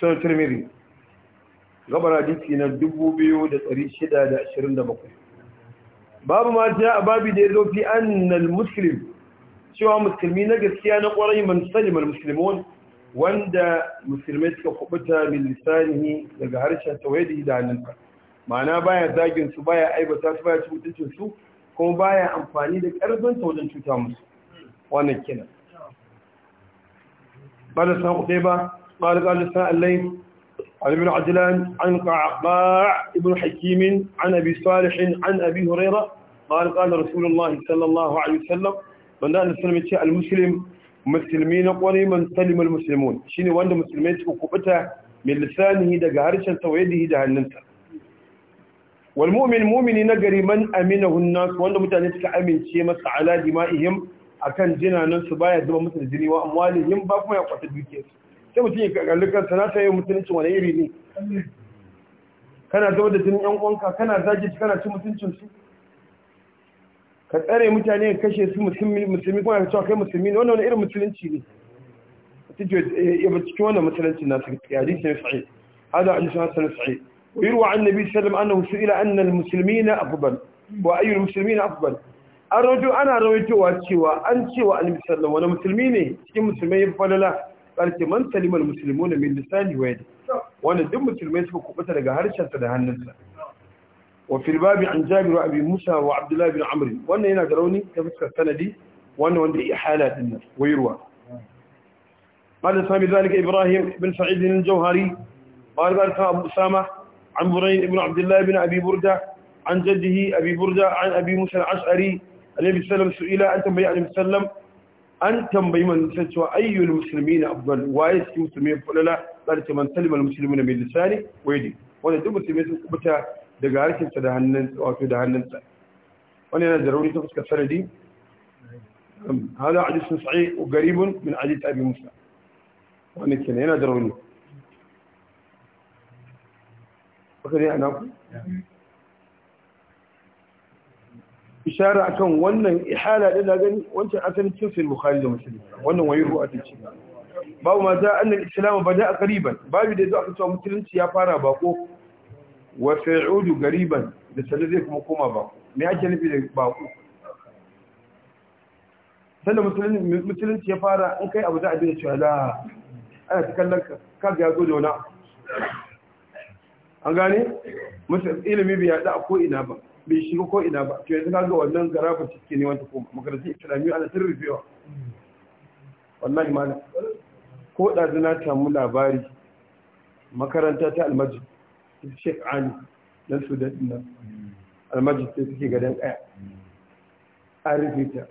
sun turmiri gabar hadisi na 2627 babu ma ta a babi da ya zo fi annal muslim cewa musulmi na gaskiya na kwarai man salimar musulmon wanda musulmai suka kubuta min lisanihi daga harshen waye da hannunka ma'ana baya zagin su baya aibata su baya cikin su kuma baya amfani da karfin sa wajen cuta musu wannan kina ba da san kuɗai ba قال قال لسان الليل عن ابن عجلان عن قعقاع ابن حكيم عن أبي صالح عن أبي هريرة قال قال رسول الله صلى الله عليه وسلم من دان السلام المسلم مسلمين قولي من سلم المسلمون شيني وان مسلمين تكوكوبتا من لسانه دا غارشا ويده دا هننتا والمؤمن مؤمن نجري من أمنه الناس وان متاني تكا أمن شيء مس على دمائهم أكان جنا ننسبايا دوا مثل الجني وأموالهم باكما يقوى تدوكيسو sai mutum ya kalli kansa na mutuncin wani iri ne kana zama da jinin yan uwanka kana zage su kana ci mutuncin su ka tsare mutane ka kashe su musulmi kuma ka cewa kai musulmi ne wannan wani irin musulunci ne tijo eh, ya bi cikin wannan musulunci na sai hadisi hada an shi hasan sahih wa yurwa an nabi sallallahu alaihi wasallam annahu su'ila anna al wa ayyu al-muslimina afdal an rawaito ana rawaitowa cewa an cewa annabi sallallahu wani musulmi ne cikin musulmai قالت من سلم المسلمون من لسان جواده وانا دم مسلمين سفو كبتا لقى هرشا سدهان وفي الباب عن جابر وابي موسى وعبد الله بن عمري وانا هنا دروني تفسك السنة دي وانا وانا احالات الناس ويروى قال سامي ذلك ابراهيم بن سعيد الجوهري قال قال ابو سامة عن برين بن عبد الله بن ابي بردة عن جده ابي بردة عن ابي موسى العشعري النبي صلى الله عليه وسلم سئل انت من يعلم an tambayi manzon cewa ayyul muslimina afdal waye cikin musulmi fulala zai ce man salima almuslimuna bil lisani wa yadi wanda duk musulmi sun kubuta daga harkinsa da hannun wato da hannunsa wani yana da rauni ta fuskar sanadi هذا حديث صحيح وقريب من حديث أبي موسى وأنا كنا هنا دروني وكذا أنا أقول ishara akan wannan ihala din da gani wancan asalin cikin sahih bukhari da muslim wannan wayi ruwa ta ce babu ma za annal islam bada qariban babu da zo aka cewa musulunci ya fara bako wa sa'udu gariban da sanin zai kuma koma ba me ake nufi da bako sanda musulunci ya fara in kai abu za a dina cewa la ana ta kallon kaga ya zo da wani an gane ilimin bai yada a ina ba bai shiga ko ina ba to yanzu ka ga wannan garafa cikin ne wanda kuma makarantar islamiyya ana tarrufewa wallahi malam ko ɗazu na mu labari makaranta ta almajid ta shek ali na sudan nan almajid ta suke gadon kaya an rufe ta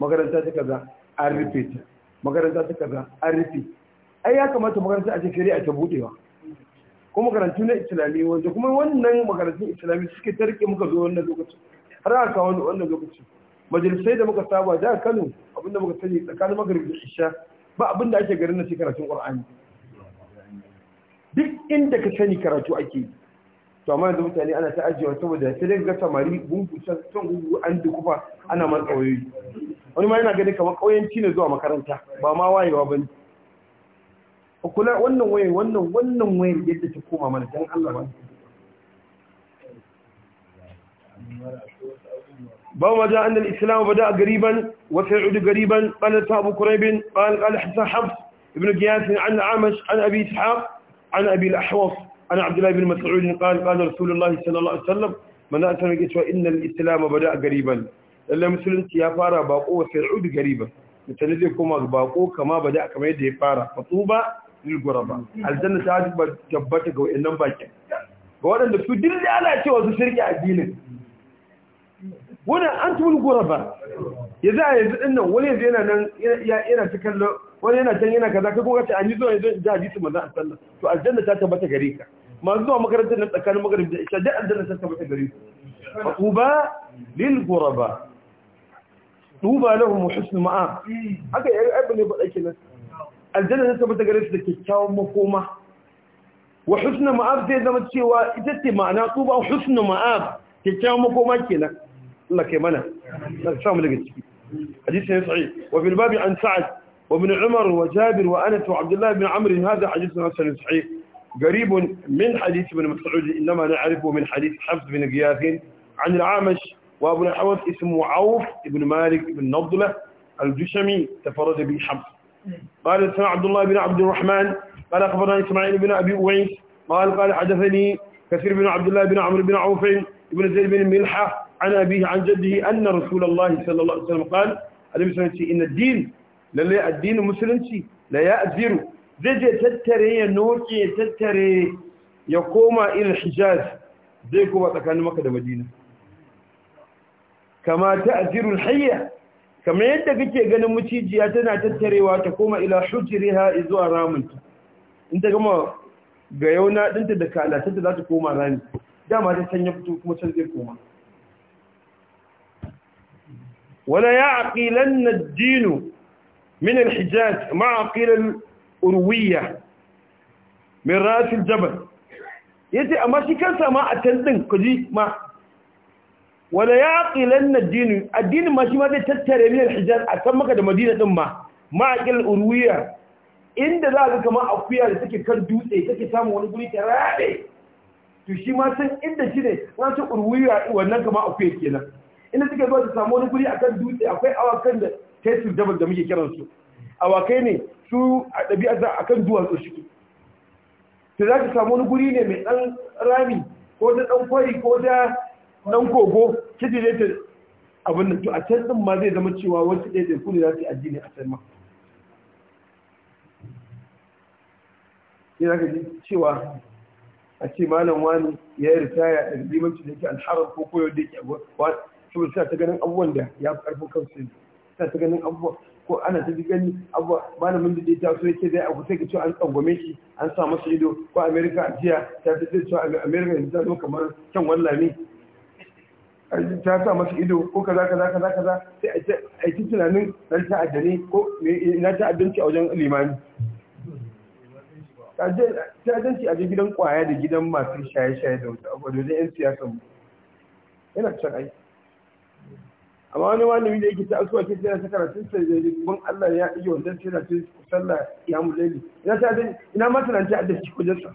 makaranta ta kaza an rufe ta makaranta ta kaza an rufe ai ya kamata makaranta a ce shari'a ta budewa ko makarantu na islami wanda kuma wannan makarantun islami suke tarke muka zo wannan lokacin har aka kawo wannan lokacin majalisai da muka saba da Kano abinda muka sani tsakanin magharibi da isha ba abinda ake garin na karatun Qur'ani duk inda ka sani karatu ake yi to amma yanzu mutane ana ta ajiyewa saboda sai dai ga samari gungu can gungu an ba ana man wani ma yana gani kamar ƙauyenci ne zuwa makaranta ba ma wayewa ba ne kula wannan wayar wannan wannan wayar yadda ta koma mana dan Allah ba باب ما جاء أن الإسلام بدأ قريبا وسيعود قريبا قال أبو كريب قال قال حسن حفص ابن قياس عن عامش عن أبي إسحاق عن أبي الأحوص عن عبد الله بن مسعود قال قال رسول الله صلى الله عليه وسلم من أتنا قلت إن الإسلام بدأ قريبا إلا مسلم يا فارا باقو وسيعود قريبا مثل ذي كما باقو كما بدأ كما يدي فارا فطوبة ilguraba aljanna ta tabbata ga wayannan bakin ga waɗanda su dirje ana cewa su shirki addinin wannan an tumul guraba a yanzu nan wani yanzu yana nan yana ta kallo wani yana can yana kaza ka kuma ce an yi zuwa yanzu da hadisi a sallah to aljanna ta tabbata gare ka masu zuwa makarantar nan tsakanin magarib da isha dai aljanna ta tabbata gare ku uba lil guraba duba lahum husnul ma'a haka yayi abin ne dake nan aljanna zai tabbata gare su da kyakkyawan makoma wa husna ma'ab zai zama cewa ita ce ma'ana tuba husna ma'ab kyakkyawan makoma kenan Allah kai mana na samu daga ciki hadisi ne sahih wa bil babi an sa'ad wa min umar wa jabir wa anas wa abdullah ibn amr hada hadisi ne sahih قريب من حديث ابن مسعود إنما نعرفه من حديث حفظ بن غياث عن العامش وابن حوث اسمه عوف بن مالك بن نضلة الجشمي تفرد به حفظ قال حدثنا عبد الله بن عبد الرحمن قال أخبرنا إسماعيل بن أبي أويس قال قال حدثني كثير بن عبد الله بن عمرو بن عوف بن زيد بن ملحة عن أبيه عن جده أن رسول الله صلى الله عليه وسلم قال النبي صلى الله عليه وسلم إن الدين للي الدين مسلم لا يأذر زي زي تتري ya noke ya tattare ya koma irin hijaz zai kuma tsakanin maka da kamar yadda kake ganin mucijiya tana tattarewa ta koma ila hujriha zuwa ramunta in ta gama ga yauna dinta da kalatinta za ta koma rami dama ta sanya fito kuma can zai koma wala ya aqilan Nadinu min alhijaz ma aqilan urwiya min ras al-jabal yace amma shi kansa ma a tantin din kuji ma wala ya ƙilan na dinu addini ma shi ma zai tattare min al a san maka da madina din ma ma'aqil urwiya inda za ka kama akuya da take kan dutse take samu wani guri ta rabe to shi ma san inda shi ne na ce urwiya wannan kama akuya kenan inda suke zuwa su samu wani guri akan dutse akwai awakan da tesir dabar da muke kiran su, awakai ne su a ɗabi'ar za a kan duwatsu shi ta za ka samu wani guri ne mai ɗan rami ko da ɗan kwari ko da. Ɗan kogo kiji ne ta abin da to a can din ma zai zama cewa wasu ɗaya ɗaya kuni za su yi addini a can ma sai zaka ji cewa a ce malam wani ya yi ritaya a limanci da yake alharar ko koyo da yake abuwa saboda sa ta ganin abubuwan da ya fi ƙarfin kansu ne sa ta ganin abubuwa ko ana ta gani abuwa malamin da ya taso yake zai abu sai ka ce an tsangwame shi an sa masa ido ko amerika a jiya ta fi zai cewa amerika yanzu ta zo kamar kyan wallami ta sa masa ido ko kaza kaza kaza kaza sai a yi tunanin na ta'adda ne ko na ta'addanci a wajen limani ta'addanci a gidan kwaya da gidan masu shaye-shaye da wata abuwa da yan siyasa mu yana can ai amma wani wani wani da yake ta asuwa ke na ta sun sai da ban Allah ya iya wanda sai tsira ta sallah ya mu laili ina ta ina ma tunan ta'addanci ko jasa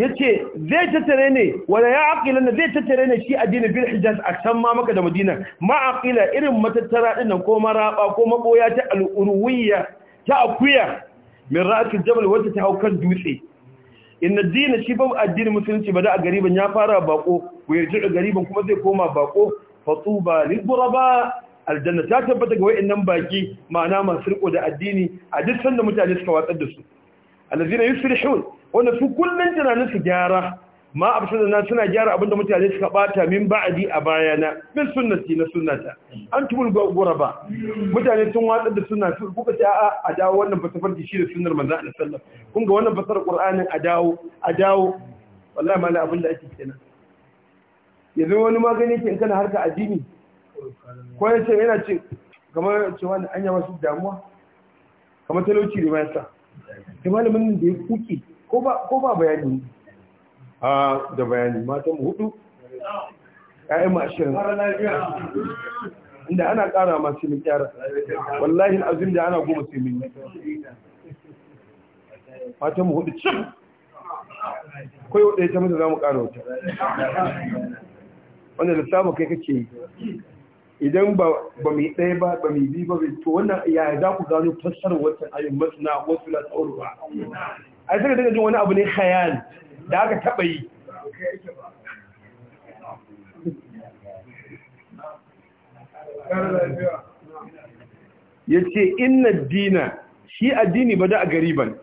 yace zai tattare ne wala ya aqila ne zai tattare ne shi addini bil hijaz a can ma maka da madina ma aqila irin matattara din nan ko maraba ko maboya ta al ta akuya min ra'at al-jabal wata ta haukan dutse inna dina shi ba addinin musulunci ba da gariban ya fara bako ko yarji gariban kuma zai koma bako fatuba lil buraba aljanna ta tabbata ga wayannan baki ma'ana masu riko da addini a duk sanda mutane suka watsar da su allazina yusrihun wanda su kullun tunanin su gyara ma absana suna gyara abinda mutane suka bata min ba'adi a bayana bin sunnati na sunnata antumul ba. mutane sun watsar da sunna su kuka ce a'a a dawo wannan fasafar shi da sunnar manzo Allah sallallahu alaihi kun ga wannan fasar qur'anin a dawo a dawo wallahi mala abinda ake kenan yanzu wani magani ke in kana harka addini ko yace yana ce kamar cewa an yi masu damuwa kamar talauci ne ma yasa da malamin da ya kuke ko ba bayani a da bayani matan hudu ƴaƴan ashirin inda ana ƙara ma sai ƙyara wallahi azim da ana goma sai mun matan mu hudu cin kai wadda ta mata za mu ƙara wata wanda lissafin kai kake idan ba mai ɗaya ba ba mai biyu ba to wannan ya za ku gano fassar wata ayin masana wasu la ba a yi daga jin wani abu ne hayan da aka taɓa yi ya ce inna dina shi addini ba da a gariban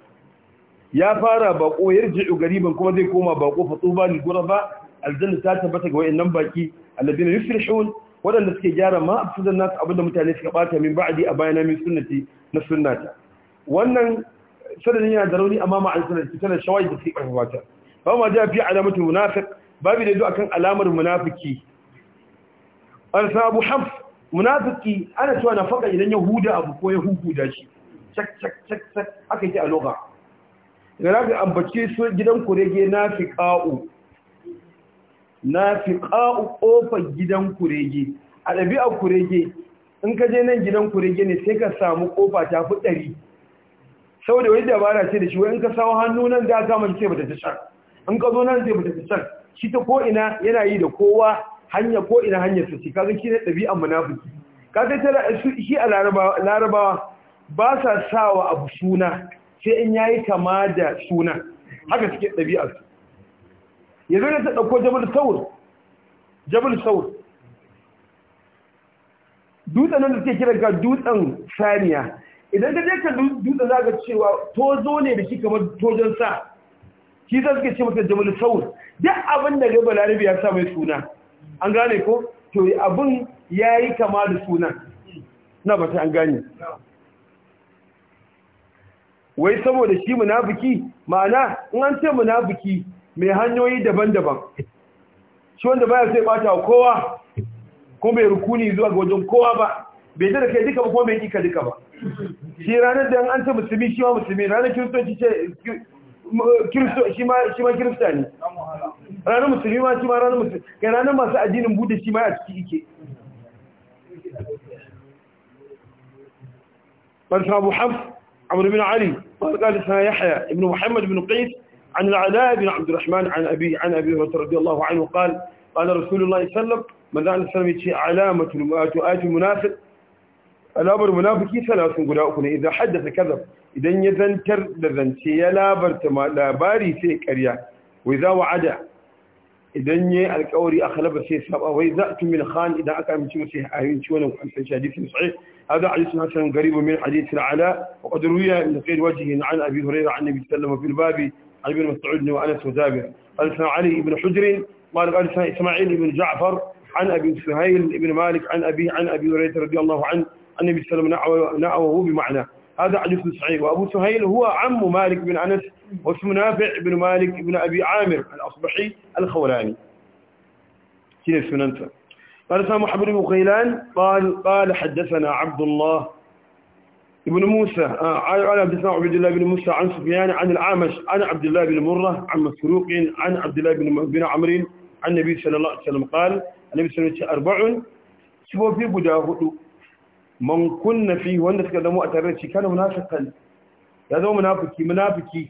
ya fara bako ya rije gariban kuma zai koma bako ba ni gura ba aljanna ta tabbata ga wayannan baki alladina yufrihun waɗanda suke gyara ma abtuzan nasu abinda mutane suka bata min ba'adi a bayan min sunnati na sunnata wannan sanadin yana da rauni amma ma'an sunnati tana shawai da suke ƙarfafa ta ba ma ji fi alamatu munafiq babu da akan alamar munafiki an sabu haf munafiki ana cewa na faka idan ya huda abu ko ya hukuda shi cak cak cak cak haka a loga ga ambace su gidan kurege nafiqa'u na fi ƙa'u ƙofar gidan kurege a ɗabi'ar kurege in ka je nan gidan kurege ne sai ka samu ƙofa ta fi ɗari sau da wani dabara ce da shi wani ka sawa hannu nan da aka mace bata ta can in ka zo nan sai bata ta can shi ta ko'ina yana yi da kowa hanya ko'ina hanyar su ce kaga shi ne ɗabi'ar munafiki ka ta tara shi a larabawa ba sa sawa abu suna sai in yayi kama da suna haka suke ɗabi'ar su yanzu ne ta ɗauko jabal saur jabal saur dutsen da suke kira ga dutsen saniya idan ka je ka dutsen za ka cewa tozo ne da shi kamar tojon sa shi za su ke ce masa jabal saur duk abin da gaba larabi ya sa mai suna an gane ko to abin ya yi kama da suna, na ba ta an gane wai saboda shi munafiki ma'ana in an ce munafiki mai hanyoyi daban-daban shi wanda baya sai bata wa kowa ko bai rukuni zuwa ga wajen kowa ba bai da kai duka ba ko bai kika duka ba shi ranar da an ta musulmi shi ma musulmi ranar kiristoci ce kiristo shi ma shi ma kirista ne ranar musulmi ma shi ma ranar musulmi kai ranar masu addinin buda shi ma a ciki ike قال sabu حفص عمرو bin ali قال قال Yahya, Ibn muhammad Bin qais عن العلاء بن عبد الرحمن عن أبي عن أبي هريرة رضي الله عنه قال قال رسول الله صلى الله عليه وسلم ماذا عن السلام علامة تؤات آية المنافق الأمر منافقي ثلاث قراء إذا حدث كذب إذا يذنتر لذنتي لابرت لا باري في كريا وإذا وعد إذا ني الكوري أخلب أو إذا وإذا من خان إذا أكا من شمسيح أهين شوانا وحمسة حديث صحيح هذا حديث حسن قريب من حديث العلاء وقد روي من غير وجه عن أبي هريرة عن النبي صلى الله عليه وسلم في الباب عن ابن مسعود وأنس وجابر قال علي بن حجر قال قال إسماعيل بن جعفر عن أبي سهيل بن مالك عن أبي عن أبي هريرة رضي الله عنه عن النبي صلى الله عليه وسلم نعوه بمعنى هذا حديث صحيح وأبو سهيل هو عم مالك بن أنس واسمه نافع بن مالك بن أبي عامر الأصبحي الخولاني كيف اسمه قال سامح بن مخيلان قال قال حدثنا عبد الله ابن موسى عن عبد الله عبد الله بن موسى عن سفيان عن العامش عن عبد الله بن مرة عن مسروق عن عبد الله بن بن عمرو عن النبي صلى الله عليه وسلم قال النبي صلى الله عليه وسلم أربع سبوا في بداه من كنا فيه وأن تكلموا أتريت كان منافقا هذا منافقي منافقي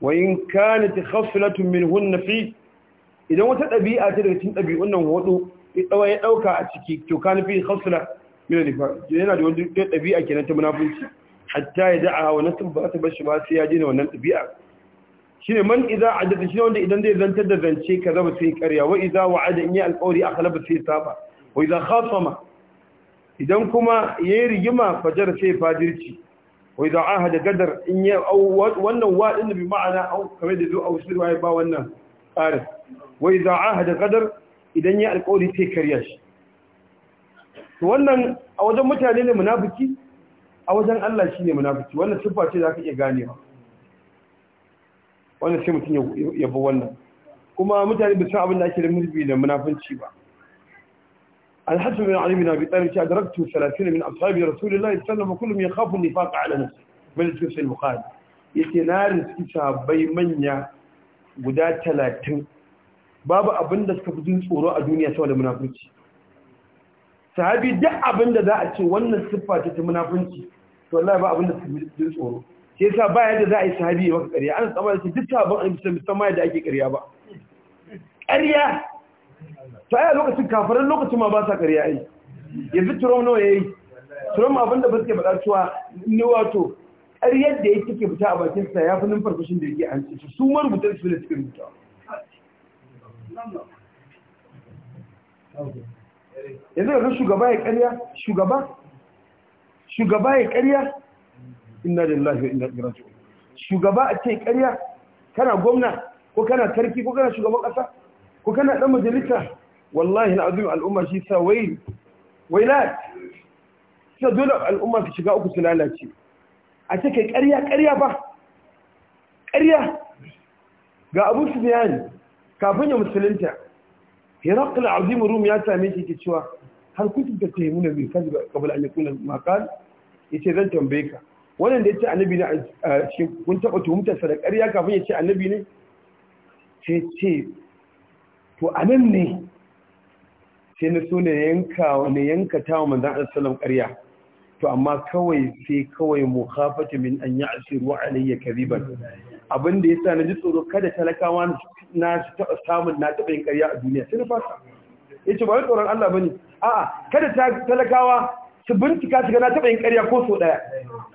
وإن كانت خصلة منهن فيه إذا وتتبيئة تدري تنتبي أنه هو أو يأوكا أتكي تو كان فيه خصلة yana da wani ɗabi'a kenan ta munafunci hatta ya da'a wa nasu ba ta bashi ba sai ya jina wannan ɗabi'a shi ne man iza a shi wanda idan zai zantar da zance ka sai karya wa iza wa yi alƙawari a kalaba sai saba wa iza idan kuma ya yi rigima fajar sai wa iza aha da gadar in yi wannan waɗin da bi ma'ana da zo a wasu ba wannan wa iza aha da gadar idan ya alƙawari sai karya shi to wannan a wajen mutane ne munafiki a wajen Allah shi ne munafiki wannan siffa ce za ka iya ganewa wannan sai mutum ya bi wannan kuma mutane ba san abin da ake da mulki da munafunci ba bin الحسن بن علي بن ابي طالب ادركت 30 من اصحاب رسول الله صلى الله عليه وسلم كلهم يخاف النفاق على نفسه بل في Ya ce na riski sahabbai manya guda talatin, babu abin da suka fi jin tsoro a duniya saboda munafurci sahabi duk abin da za a ce wannan siffa ta ta munafunci to wallahi ba abin da su ji tsoro sai yasa ba yadda za a yi sahabi ya maka ƙarya an tsaba da duk sabon an bisa musamman yadda ake ƙarya ba ƙarya to ai lokacin kafaran lokacin ma ba sa ƙarya ai yanzu turom nawa yayi turom abin da ba suke faɗa cewa ni wato ƙaryar da yake ke fita a bakin sa ya fi numfarfashin da yake an ce su marubutar su da suke rubuta yanzu yanzu shugaba ya karya shugaba shugaba ya karya inna da lafiya inna da raji'un shugaba a ce karya kana gwamna ko kana tarki ko kana shugaban kasa ko kana dan majalisa wallahi na azumi al'umma shi sa wai wai la sai dole al'umma su shiga uku su lalace a ce kai karya karya ba karya ga abu su bayani kafin ya musulunta hirakul azim rum ya same shi ke cewa har kuntum tattahimuna bi kadhiba qabla an yakuna ma qal yace zan tambaye ka wannan da yace annabi ne shi kun taba tuhumtar sa da ƙarya kafin yace annabi ne sai ce to anan ne sai na so ne yanka ne yanka ta wa manzon Allah sallallahu ƙarya to amma kawai sai kawai mukhafata min an ya'siru alayya kadiban abin da ya sa na ji tsoro kada talakawa na taɓa samun na taɓa yin ƙarya a duniya sai na fasa ya ce ba wani tsoron Allah ba ne a'a kada talakawa su bincika su gana taɓa yin ƙarya ko so ɗaya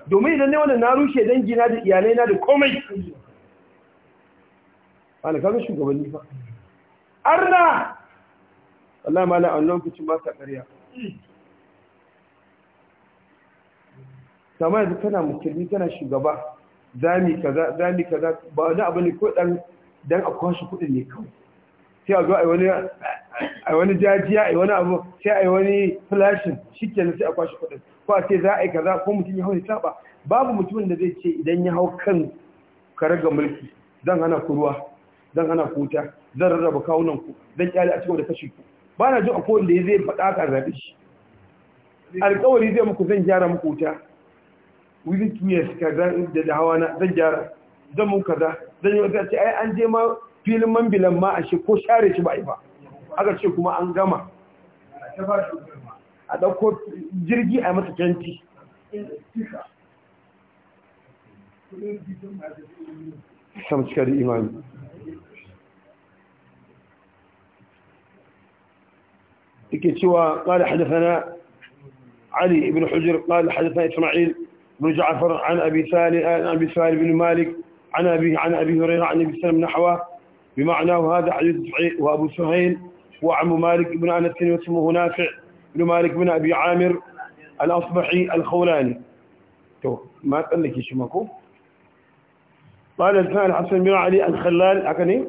domin idan ne wanda na rushe dangi na da iyalai na da komai na kama shugabanni fa arna Allah na a lokacin ba sa ƙarya sama yanzu tana musulmi tana shugaba zami kaza zami kaza ba wani abu ne ko dan dan a kwashe kudin ne kawai sai a zo a wani ai wani jajiya a wani abu sai a wani flashin shikenan sai a kwashe kudin ko a ce za a yi kaza ko mutum ya hau ya taba babu mutumin da zai ce idan ya hau kan ga mulki zan hana ku ruwa zan hana ku wuta zan rarraba kawunan ku zan kyale a cikin da kashi ku ba na jin akwai wanda ya zai faɗa ka zaɓe shi alƙawari zai muku zan gyara muku wuta within two years kaza da hawa na zan gyara zan mun kaza zan yi wata ce ai an je ma filin mambilan ma a shi ko share shi ba a yi ba aka ce kuma an gama a ɗauko jirgi a mata canci sam cika da imani yake cewa ƙada hadafana علي بن حجر قال حدثنا إسماعيل بن جعفر عن أبي سالم عن أبي سالم بن مالك عن أبي عن أبي هريرة عن أبي سلم نحوه بمعنى هذا حديث صحيح وأبو سهيل وعم مالك بن أنس واسمه نافع بن مالك بن أبي عامر الأصبحي الخولاني تو ما قال لك ماكو قال الثاني الحسن بن علي الخلال أكني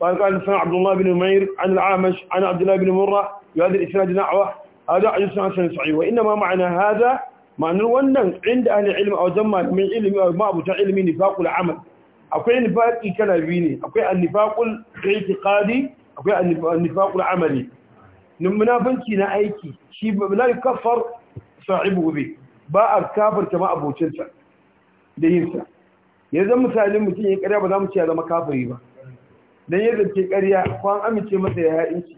قال قال الثاني عبد الله بن عمير عن العامش عن عبد الله بن مرة بهذا الإسناد نحوه هذا حديث حسن صحيح وإنما معنى هذا ma'anar wannan inda ana ilmi a wajen malamin ilmi a ma'abutan ilmi nifaqul amal akwai nifaqi kana biyu ne akwai annifaqul i'tiqadi akwai annifaqul amali nin munafanci na aiki shi yi kafar sa'ibu gobe ba a kafar ma abocinsa da yinsa yanzu misalin mutum ya karya ba za mu ce ya zama kafari ba don yadda ke karya kwan amince masa ya haɗinci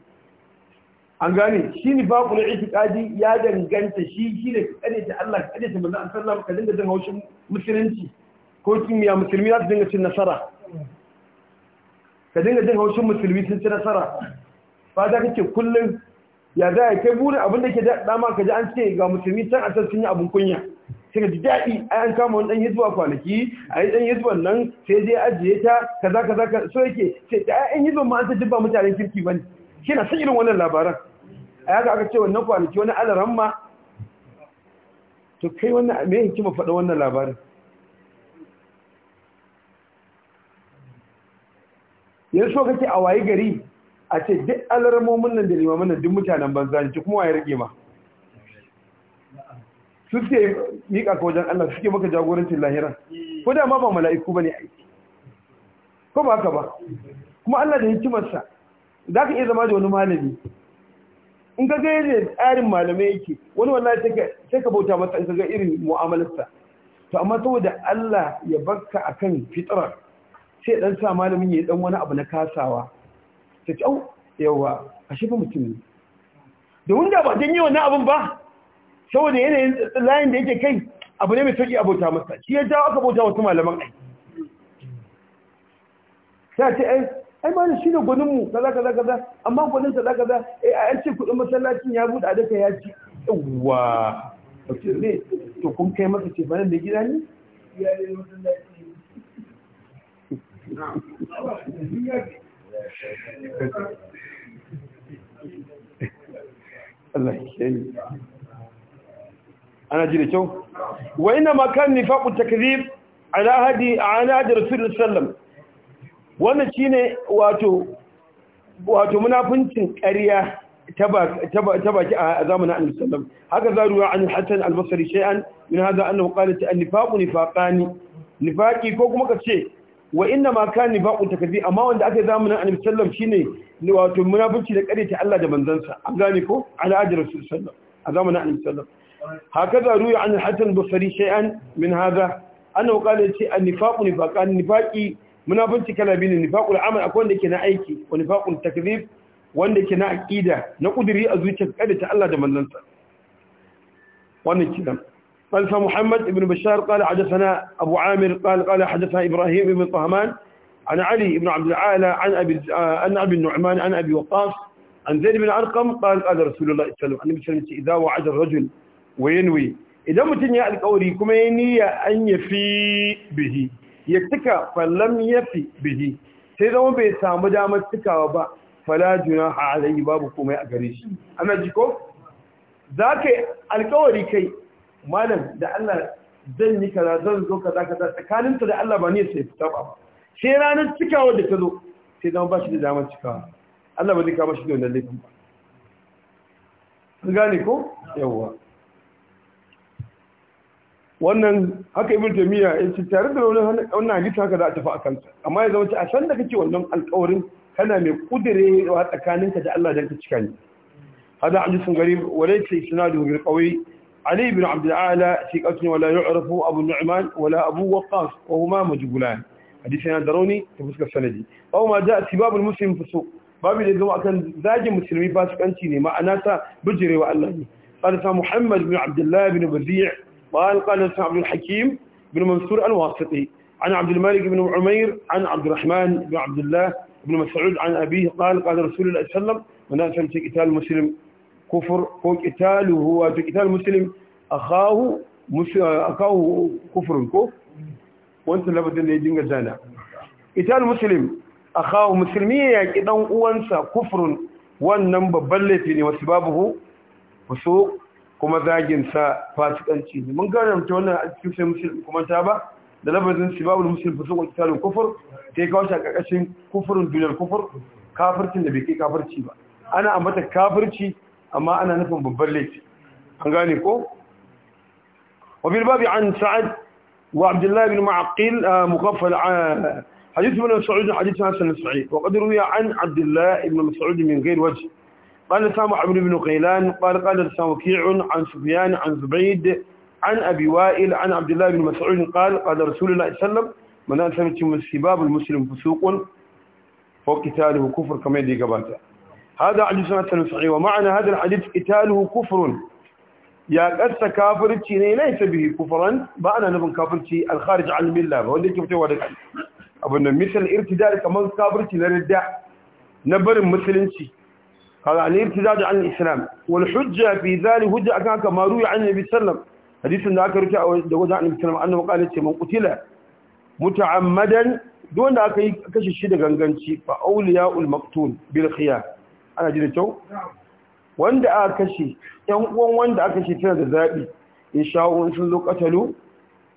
an gane shi nifaqul i'tiqadi ya danganta shi shi ne kade ta Allah kade ta manzo Allah ka dinga jin haushin musulunci ko ya musulmi za su dinga cin nasara ka dinga jin haushin musulmi sun ci nasara da kake kullum ya za kai buri abin da ke dama ka ji an ce ga musulmi can a can sun yi abin kunya sai ka ji dadi ai an kama wani ɗan hizba kwanaki a dan ɗan hizban nan sai dai ajiye ta kaza kaza so yake sai ta ɗan hizban ma an ta jibba mutanen kirki bane Kina san irin wannan labaran a yaga aka ce wannan kwanaki wani ma to kai wannan me hikima faɗa wannan labarin yanzu so kake a waye gari a ce duk alarmomin nan da limamin nan duk mutanen banza ne kuma waye rage ma su ce miƙa ka wajen Allah suke maka jagorancin lahira ko da ma ba mala'iku bane aiki ko ba haka ba kuma Allah da hikimarsa za ka iya zama da wani malami in ka ga yadda tsarin malamai yake wani wallahi sai ka bauta masa in ka ga irin mu'amalarsa to amma saboda Allah ya barka akan fitarar, sai dan sa malamin ya dan wani abu na kasawa ta ci au yawa a shi mutum mutum da wanda ba don yi wannan abin ba saboda yanayin layin da yake kai abu ne mai sauki a bauta masa shi ya jawo aka bauta wasu malaman ai sai ce ai shi shine gwanin mu kaza kaza kaza amma gwanin kaza kaza eh an ce kudin masallacin ya bude daka ya ci yawa to ne to kun kai masa ce bana da gida ne ya masallaci Allah ya yi ana ji da kyau wa ina makan nifaqut takzib ala hadi ala hadi rasulullahi sallallahu wannan shi ne wato munafincin ƙarya ta baki a zamanin annabi sallam haka za ruwa an hasan al-basri shay'an min haza, annahu qala an-nifaqu nifaqani nifaqi ko kuma kace wa inna ma kan nifaqu takdhi amma wanda aka zamanin annabi sallam shine wato munafici da ƙarya ta Allah da manzansa an gane ko ala ajr rasul sallam a zamanin annabi sallam haka za ruwa an hasan al-basri shay'an min haza, annahu qala an-nifaqu nifaqani nifaqi من kala biyu ne nifaqul amal أكون wanda yake ونفاق التكذيب wa nifaqul takdhib نقدر yake na aqida na kudiri a zuciyar kada ta بن بشار قال حدثنا أبو عامر قال قال حدثنا إبراهيم بن طهمان عن علي بن عبد العالى عن أبي عن أبي النعمان عن أبي وقاص عن زيد بن أرقم قال قال رسول الله صلى الله عليه وسلم إذا وعد الرجل وينوي إذا متن يا القوري كما يني أن يفي به ya cika ya yafi bihi sai zama bai samu damar cikawa ba fala a alayi babu komai a gare shi ana za ka yi alƙawari kai malam da Allah zan yi kaza zan zo kaza kaza tsakaninta da Allah ba ne sai fita ba sai ranar cikawa da ta zo sai zama ba shi da damar cikawa Allah ba zai kama shi da wannan laifin ba gane ko yawwa wannan haka ibn tamiya ya ce tare da wannan wannan hadisi haka za a tafi akan sa amma ya zama a san da kake wannan alƙawarin kana mai kudire wa tsakaninka da Allah dan ka cika ni hada hadisin garib wa laysa isnaduhu bil qawi علي بن عبد الأعلى في قتل ولا يعرف أبو النعمان ولا أبو وقاص وهما مجهولان حديثنا دروني تفسك السندي أو ما جاء سباب المسلم في السوق باب الجماعة كان زاج مسلمي فاسق أنتيني ما أناتا allah وألاني قال محمد بن عبد الله بن بزيع قال قال عبد الحكيم بن منصور الواسطي عن عبد الملك بن عمير عن عبد الرحمن بن عبد الله بن مسعود عن أبيه قال قال رسول الله صلى الله عليه وسلم من أسلم قتال المسلم كفر قتاله هو قتال المسلم أخاه مش أخاه كفر كفر وانت لابد أن يجنك زانا قتال المسلم أخاه مسلمية يعني أنسى كفر wannan babban laifi ne wasu babu wasu kuma zagin sa fasikanci ne mun gane ta wannan a cikin sai musulmi kuma ta ba da lafazin sibabul muslim fusuq wa qitalul kufur sai kawo shi a karkashin kufurin duniyar kufur kafircin da bai kai kafirci ba ana ambata kafirci amma ana nufin babban laifi an gane ko wabil babi an sa'ad wa abdullahi bin ma'aqil ah, mukaffal ah, hadith ibn sa'ud hadith hasan sa'id wa qad ruwiya an abdullahi ibn mas'ud min ghairi wajh قال سام عمرو بن قيلان قال قال سام وكيع عن سفيان عن زبيد عن أبي وائل عن عبد الله بن مسعود قال قال رسول الله صلى الله عليه وسلم من أسلمت من سباب المسلم فسوق وقتاله كفر كما يدي قبلته هذا حديث حسن صحيح ومعنى هذا الحديث قتاله كفر يا قصة كافرتي ليس به كفرا بأنا نبن كافرتي الخارج عن الملة وانده كيف تقول أبنى مثل ارتداد كمان كافرتي لردع نبر مسلمتي هذا الارتداد عن الإسلام والحجة في ذلك حجة أكان كما روي عن النبي صلى الله عليه وسلم حديث ذاك رجع دوجا عن النبي صلى الله عليه وسلم أنه قال من قتل متعمدا دون أكي كشي شي دغنغنشي فأولياء المقتول بالخيار أنا جيت تو wanda aka kashe ɗan uwan wanda aka kashe tana da zaɓi in sha'o in sun zo ƙatalo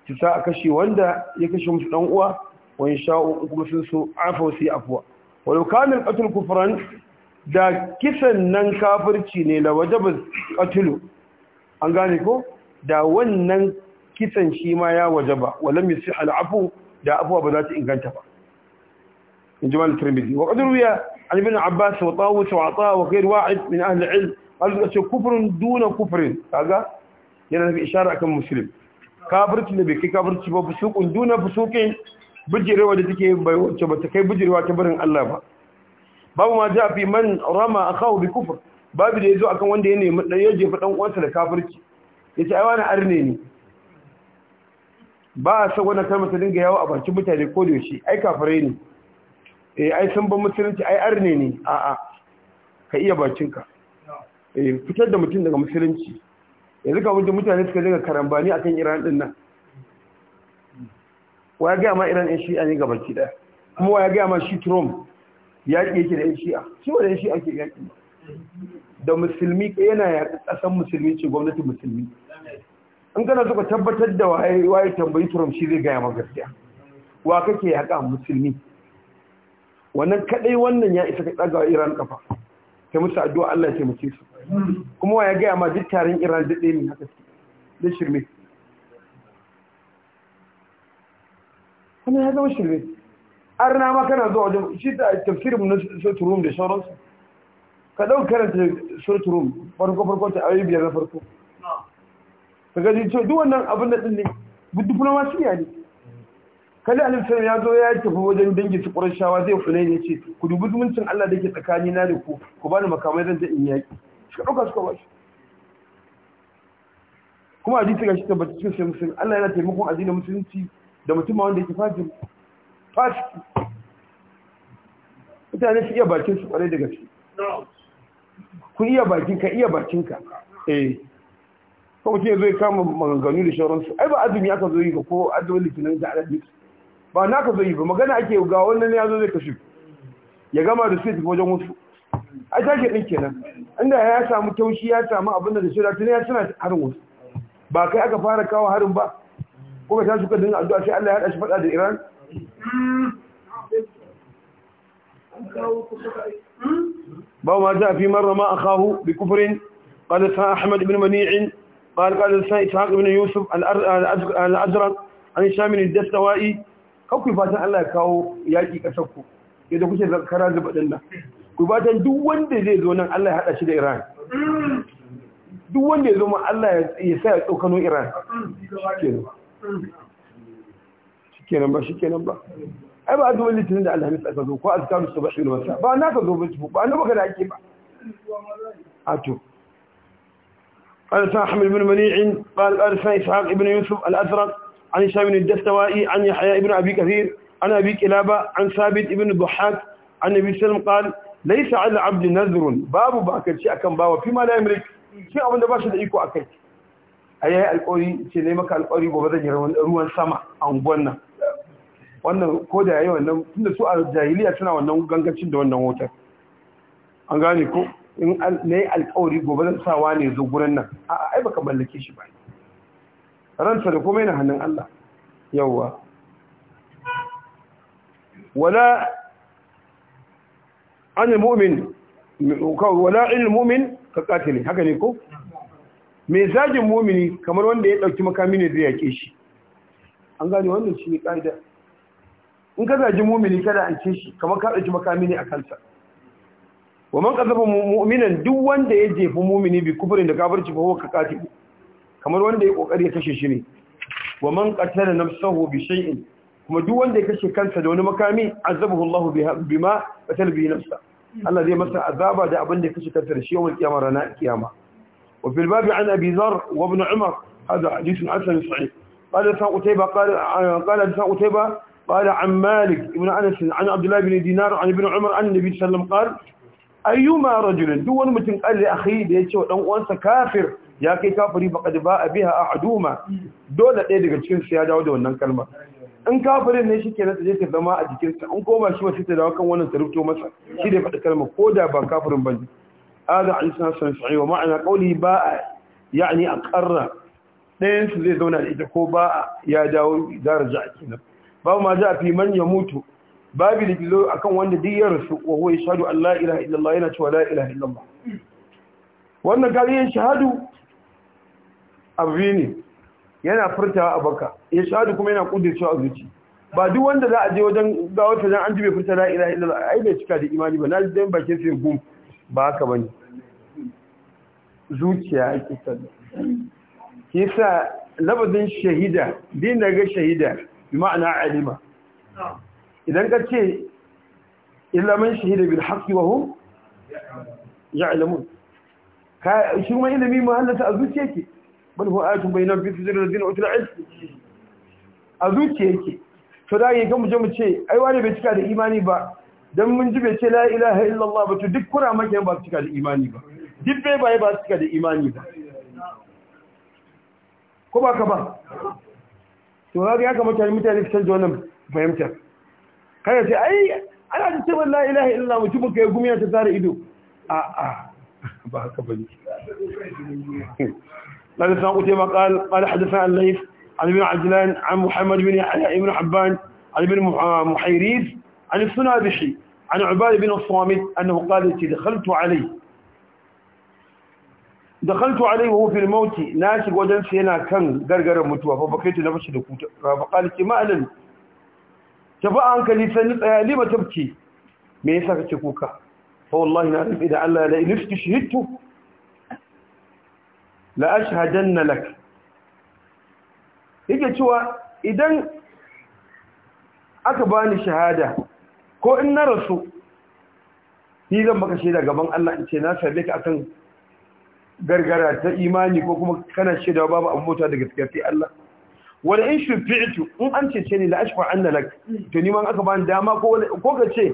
su sa a kashe wanda ya kashe musu ɗan uwa wa in sha'o kuma sun so afa wasu yi afuwa walau kanin ƙatul kufran da kisan nan kafirci ne la wajaba katilu an gane ko da wannan kisan shi ma ya wajaba wala misi al'afu da afuwa ba za ta inganta ba in ji malu tirmidhi wa qad ruya an ibn abbas wa tawus wa ata wa ghayr wa'id min ahli ilm qal ce kufrun duna kufrin kaga yana da ishara akan muslim kafirci ne bai kai kafirci ba fusuqun duna fusuqin bijirewa da take bai wacce ba ta kai bujirewa ta barin Allah ba babu ma ja fi man rama akahu bi kufr babu da yazo akan wanda ya nemi dan ya jefa dan uwansa da kafirci yace ai wani arne ne ba a san wannan kalmar ta dinga yawo a bakin mutane ko da yaushe ai kafirai ne eh ai sun ban musulunci ai arne ne a a ka iya bakinka eh fitar da mutum daga musulunci yanzu ka wuce mutane suka dinga karambani akan Iran din nan ya ga ma Iran in shi ne gabaki daya kuma ya ga ma shi Trump yaƙi yake da 'yan shi'a shi wa da shi'a ke yaƙi da musulmi ka yana yaƙi ƙasan musulmi ce gwamnati musulmi in kana suka tabbatar da waye tambayi turam shi zai gaya magaskiya wa kake yaƙa musulmi wannan kaɗai wannan ya isa ka ɗaga iran ƙafa ta musa addu'a Allah ya taimake su kuma wa ya gaya ma duk tarin iran duk ɗaya ne haka da shirme kuma ya zama shirme arna ma kana zuwa wajen shi da tafsirin na suratul rum da sauransu ka dau karanta suratul rum farko farko ta ayi biyar na farko ka gaji to duk wannan abin da din ne diplomasiya ne kada alim sai ya zo ya tafi wajen dangi su qurashawa zai kula ne ce ku dubi zumuncin Allah da ke tsakani na da ku ku bani makamai zan ta in yaki shi dauka suka bashi kuma hadisi ga shi tabbata cikin sai musulmi Allah yana taimakon addinin musulunci da mutum wanda yake fajiri fasiki mutane su iya bakin su kwarai daga su ku iya bakin ka iya bakin ka eh kuma mutum zai kama maganganu da shauransu ai ba azumi aka zo yi ba ko azumin litinin da alaɗi ba na ka zo yi ba magana ake ga wannan ya zo zai kashe ya gama da sai wajen wasu ai take din kenan inda ya samu taushi ya samu abin da shi da tuni ya suna harin wasu ba kai aka fara kawo harin ba ko ka tashi ka dinga addu'a sai Allah ya hada shi fada da Iran باب ما جاء في مرة ما أخاه بكفر قال سان أحمد بن منيع قال قال سان إسحاق بن يوسف الأزرق عن شام الدستوائي kawai fatan Allah ya kawo yaƙi ƙasarku yadda kuke zakara zuba ɗin nan ku fatan duk wanda zai zo nan Allah ya haɗa shi da Iran duk wanda ya zo Allah ya sa ya Iran kenan ba shi kenan ba ai ba azumin litinin da alhamis aka zo ko azkaru subhi wal masa ba na ka zo ba ba na baka da ake ba a to قال ساحم بن منيع قال أرسل إسحاق بن يوسف الأزرق عن هشام بن الدستوائي عن يحيى بن أبي كثير عن أبي كلابة عن ثابت بن الضحاك عن النبي صلى الله عليه وسلم قال ليس على العبد نذر باب باكر شيء كان باوا فيما لا يملك شيء أبدا باش da iko akai ayayi alƙawari ce ne maka alƙawari gobe zan yi ruwan sama a unguwan nan wannan ko da yayi wannan tunda su a jahiliya suna wannan gangancin da wannan wutar an gane ko in na yi gobe zan sa ne zo gurin nan a ai baka mallake shi ba ransa da kuma yana hannun Allah yawwa wala an mu'min wala il mu'min ka katile haka ne ko mai zagin mu'mini kamar wanda ya dauki makami ne zai yake shi an gane wannan shi ne kaida in ka zagi mumini kada an ce shi kamar ka ɗauki makami ne a kansa wa man qazafa mu'minan duk wanda ya jefi mumini bi kufrin da kafirci fa huwa ka qatilu kamar wanda ya kokari ya kashe shi ne wa man qatala nafsahu bi shay'in kuma duk wanda ya kashe kansa da wani makami azabahu Allah bima qatala bi nafsa Allah zai masa azaba da abin da ya kashe kansa da shi yawan kiyama ranar kiyama wa fil babi an abi zar wa ibn umar hada hadithun hasan sahih qala sa utayba qala qala sa utayba قال عن مالك بن أنس عن عبد الله بن دينار عن ابن عمر عن النبي صلى الله عليه وسلم قال أيما رجل دون متن قال لأخي ليتشو أن أنس كافر يا كي كافري فقد باء بها أحدوما دولة إيه دقل شكين سيادة ودو أنن كلمة in kafirin ne shi kenan zai ta zama a jikinsa in koma shi masu ta dawo kan wannan tarubto masa shi da faɗi kalma ko da ba kafirin ba ne aza a jisun hassan sa'i ma'ana ƙauli ba a yani a ƙarra ɗayansu zai zauna da ita ko ba ya dawo zara a kenan babu ma za a fi man ya mutu babu da kilo akan wanda duk ya rasu wa wai shahadu "Allah ilaha illallah yana cewa la ilaha illallah wannan kariyan shahadu abu ne yana furtawa a baka ya shahadu kuma yana kudircewa cewa zuci ba duk wanda za a je wajen ga wata jan an jibe furta la ilaha illallah ai bai cika da imani ba na ji dan bakin sai gum ba haka bane zuciya ake sallah kisa labadin shahida din daga shahida bi ma'ana alima idan ka ce illa man shahida bil haqqi wa hum ya'lamun ka shi kuma ilimi muhallata a zuciya ke bal huwa ayatun bayyinatun fi sudur ladina utul ilm a zuciya ke to da yake mu je mu ce ai wani bai cika da imani ba dan mun ji bai ce la ilaha illallah ba to duk kura make ba su cika da imani ba duk bai bai ba su cika da imani ba ko ba ka ba to ga ya kamata mutane su canza wannan fahimta kada ce ai ana da cewa la ilaha illa mutumin kai gumiya ta tsara ido a a ba haka bane قال سمع قتيبة قال قال حدثنا الليث عن ابن عجلان عن محمد بن يحيى بن حبان عن ابن محيريز عن السنابحي عن عباد بن الصامت أنه قال دخلت عليه dakhaltu alayhi wa fil na shiga wajen sa yana kan gargaran mutuwa fa bakaitu na bashi da kuta fa qala ki ma'alan tafi hankali ni me yasa kake kuka fa na rubi da Allah la in shahidtu la ashhadanna lak yake cewa idan aka bani shahada ko in na rasu ni zan maka shaida gaban Allah in ce na sabe ka akan gargara ta imani ko kuma kana shaidawa babu abin mota da gaskiya sai Allah Wani in shafi'tu in an cece ni la ashfa anna lak to ni aka bani dama ko ko ka ce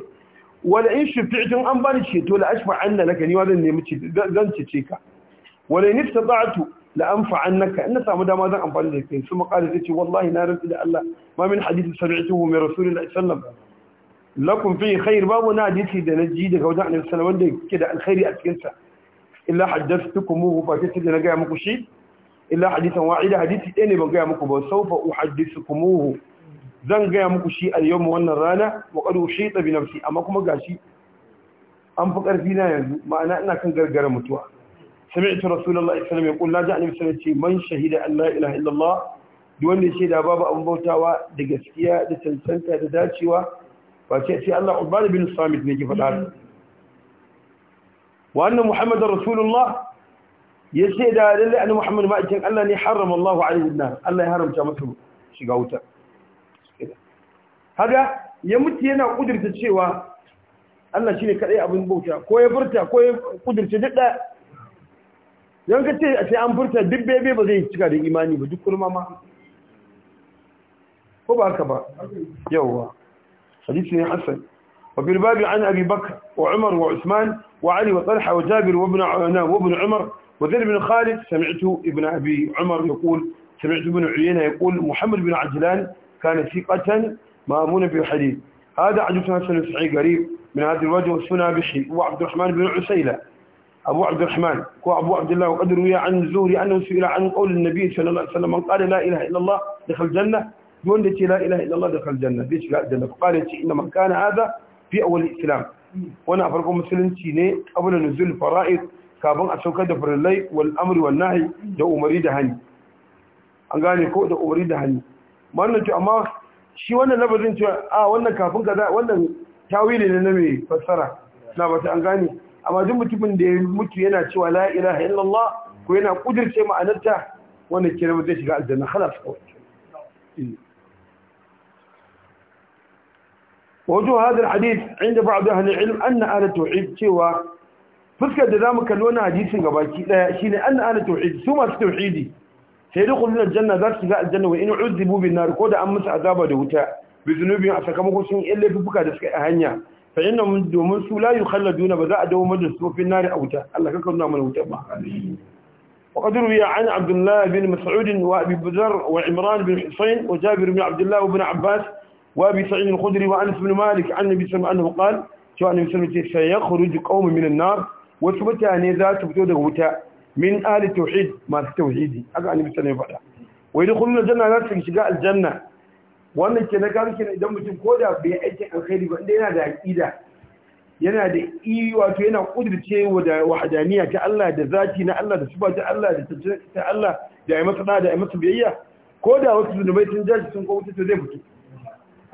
wala in shafi'tu an bani ceto la ashfa anna ni ma zan nemi zan cece ka wala in istata'tu la anfa annaka Ina samu dama zan amfani da kai sun qala sai ce wallahi na rabbi da Allah ma min hadith sami'tuhu min rasulillahi sallallahu alaihi wasallam lakum fi khair babu na hadisi da na ji daga wajen annabi sallallahu wanda yake da alkhairi a cikin sa illa haddathtukumuhu fa sai na gaya muku shi illa hadisan wa'ida hadisi ɗaya ne ban gaya muku ba saufa uhaddithukumuhu zan gaya muku shi a yau wannan rana wa qad ushita bi nafsi amma kuma gashi an fi ƙarfi na yanzu ma'ana ina kan gargara mutuwa sami'tu rasulullahi sallallahu alaihi wasallam yaqul la ja'ani sallallahu alaihi man shahida an la ilaha illallah duk wanda yake da babu abun bautawa da gaskiya da tantanta da dacewa ba ce sai Allah ubani bin samit ne ke faɗa وأن محمد رسول الله يسيد على أن محمد ما أجن الله أن الله عليه النار الله يحرم جامسه شقاوتا هذا يمت هنا قدرة الشيوة الله شيني كأي أبو بوتا كوي برتا كوي قدرة دقة يوم kace a sai an دب dibbebe ba zai cika da imani ba duk kurma ma ko ba haka ba yawa hadisi ne hasan wa bil وعلي وطلحة وجابر وابن نعم، وابن عمر وذر بن خالد سمعت ابن أبي عمر يقول سمعت ابن عيينة يقول محمد بن عجلان كان ثقة مأمون بالحديث هذا عجبتنا سنة سعيد قريب من هذا الوجه والسنة بشي وعبد الرحمن بن عسيلة أبو عبد الرحمن أبو عبد الله وقد روي عن زوري أنه سئل عن قول النبي صلى الله عليه وسلم من قال لا إله إلا الله دخل الجنة من لا إله إلا الله دخل الجنة ليش لا الجنة فقال إنما كان هذا fi awal islam wani a farkon musulunci ne qabla nuzul fara'id kafin a saukar da farallai, wal amri wal nahi da umari da hani an gane ko da umari da hani wannan to amma shi wannan lafazin cewa a ah, wannan kafin kaza wannan tawili ne na mai fassara na bata an gane amma duk mutumin da ya mutu yana cewa la ilaha illallah ko yana kudirce ma'anarta wannan kira zai shiga aljanna khalas kawai hmm. ووجوه هذا a عند بعض أهل العلم أن ana التوحيد سوى fuskar da zamu kalli wannan hadisin gabaki daya shine anna ana tauhid su masu tauhidi sai dukhulun aljanna za su ga aljanna wa in uzibu bin nar ko da an musu azaba da wuta bi zunubi a sakamakon sun yi laifuka da suka yi a hanya fa inna mun domin su la yukhalladuna ba za a dawo madan su fin nar a wuta Allah ka kauna mana wuta ba وقد روي عن عبد الله بن مسعود وابي بذر وعمران بن حسين وجابر بن عبد الله وابن عباس وابي سعيد الخدري وانس بن مالك عن النبي صلى الله عليه وسلم انه قال cewa annabi sallallahu alaihi wasallam yakhruju wasu mutane za su fito daga wuta min ahli tauhid masu tauhidi aka annabi sallallahu alaihi wasallam wa yadkhuluna shiga aljanna wannan ke na kan idan mutum koda bai aiki alkhairi ba inda yana da aqida yana da i wato yana kudirce da wahadaniya ta Allah da zati na Allah da sifa ta Allah da tajjira ta Allah da ayi masa da ai masa biyayya koda wasu zunubai sun jaji sun ko wuta zai fito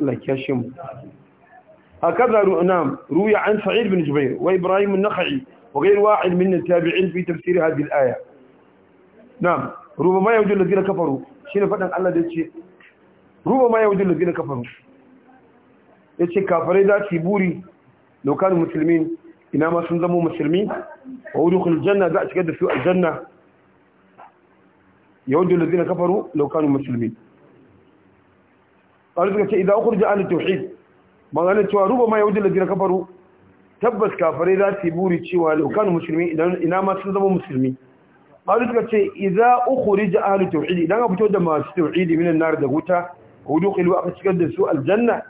لكشم هكذا نعم روي عن سعيد بن جبير وإبراهيم النخعي وغير واحد من التابعين في تفسير هذه الآية نعم ربما يوجد الذين كفروا شين فتن الله دي ربما يوجد الذين كفروا yace kafirai za su buri lokacin musulmi ina ma sun zama musulmi wa udkhul janna الجنة يوجد الذين كفروا لو كانوا مسلمين قالتك إذا أخرج عن التوحيد ما قالت شوى ربما يعود الذين كفروا تبس كافر إذا تبوري تشيوها لو كانوا مسلمين إذا ما تنظموا مسلمين لك إذا أخرج عن التوحيد إذا أخرج عن التوحيد من النار دهوتا ودوخ الواقع تكد سوء الجنة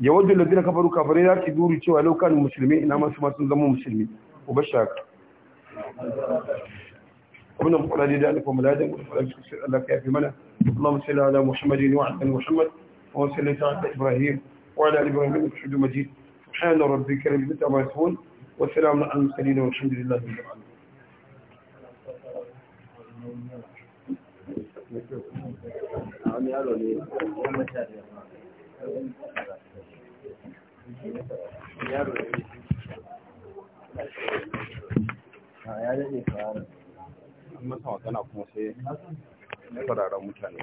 يود الذين كفروا كافر إذا تبوري تشيوها لو كانوا مسلمين إنما ما مسلمين وبشاك ابن القرآن لذلك وملادك وفلاك الله كيف منه اللهم صل على محمد وعلى محمد وصليت على إبراهيم وعلى آل إبراهيم إنك حميد مجيد سبحان ربي كريم العزة عما يصفون والسلام على المرسلين والحمد لله رب العالمين ya daɗe fara. An masa magana kuma sai fararen mutane.